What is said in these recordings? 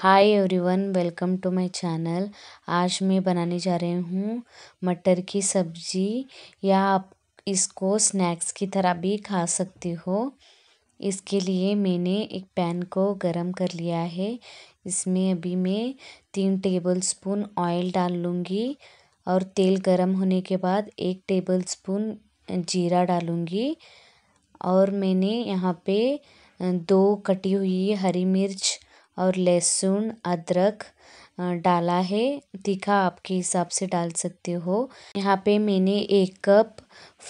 hi everyone welcome to my channel आज मैं बनाने जा रही हूँ मटर की सब्ज़ी या आप इसको स्नैक्स की तरह भी खा सकती हो इसके लिए मैंने एक पैन को गरम कर लिया है इसमें अभी मैं तीन टेबलस्पून ऑयल डाल लूँगी और तेल गरम होने के बाद एक टेबलस्पून जीरा डालूँगी और मैंने यहाँ पे दो कटी हुई हरी मिर्च और लहसुन अदरक डाला है तीखा आपके हिसाब से डाल सकते हो यहाँ पे मैंने एक कप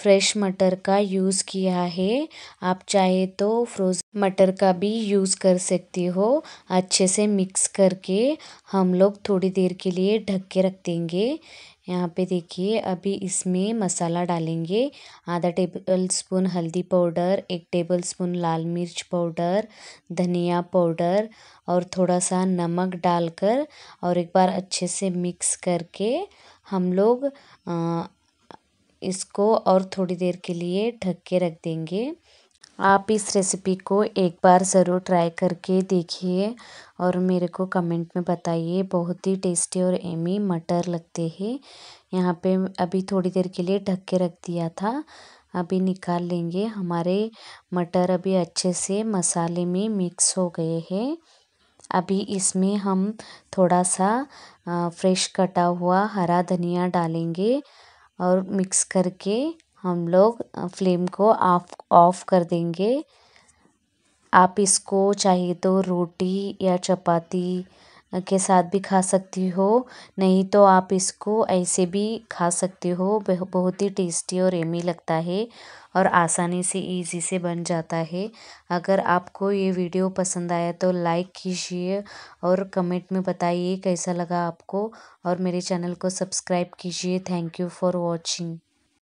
फ्रेश मटर का यूज़ किया है आप चाहे तो फ्रोज़न मटर का भी यूज़ कर सकती हो अच्छे से मिक्स करके हम लोग थोड़ी देर के लिए ढक के रख देंगे यहाँ पे देखिए अभी इसमें मसाला डालेंगे आधा टेबल स्पून हल्दी पाउडर एक टेबल स्पून लाल मिर्च पाउडर धनिया पाउडर और थोड़ा सा नमक डालकर और एक बार अच्छे से मिक्स करके हम लोग इसको और थोड़ी देर के लिए ढक के रख देंगे आप इस रेसिपी को एक बार ज़रूर ट्राई करके देखिए और मेरे को कमेंट में बताइए बहुत ही टेस्टी और एमी मटर लगते हैं यहाँ पे अभी थोड़ी देर के लिए ढक के रख दिया था अभी निकाल लेंगे हमारे मटर अभी अच्छे से मसाले में मिक्स हो गए हैं अभी इसमें हम थोड़ा सा फ्रेश कटा हुआ हरा धनिया डालेंगे और मिक्स करके हम लोग फ्लेम को ऑफ ऑफ कर देंगे आप इसको चाहिए तो रोटी या चपाती के साथ भी खा सकती हो नहीं तो आप इसको ऐसे भी खा सकती हो बहुत ही टेस्टी और एमी लगता है और आसानी से ईज़ी से बन जाता है अगर आपको ये वीडियो पसंद आया तो लाइक कीजिए और कमेंट में बताइए कैसा लगा आपको और मेरे चैनल को सब्सक्राइब कीजिए थैंक यू फॉर वॉचिंग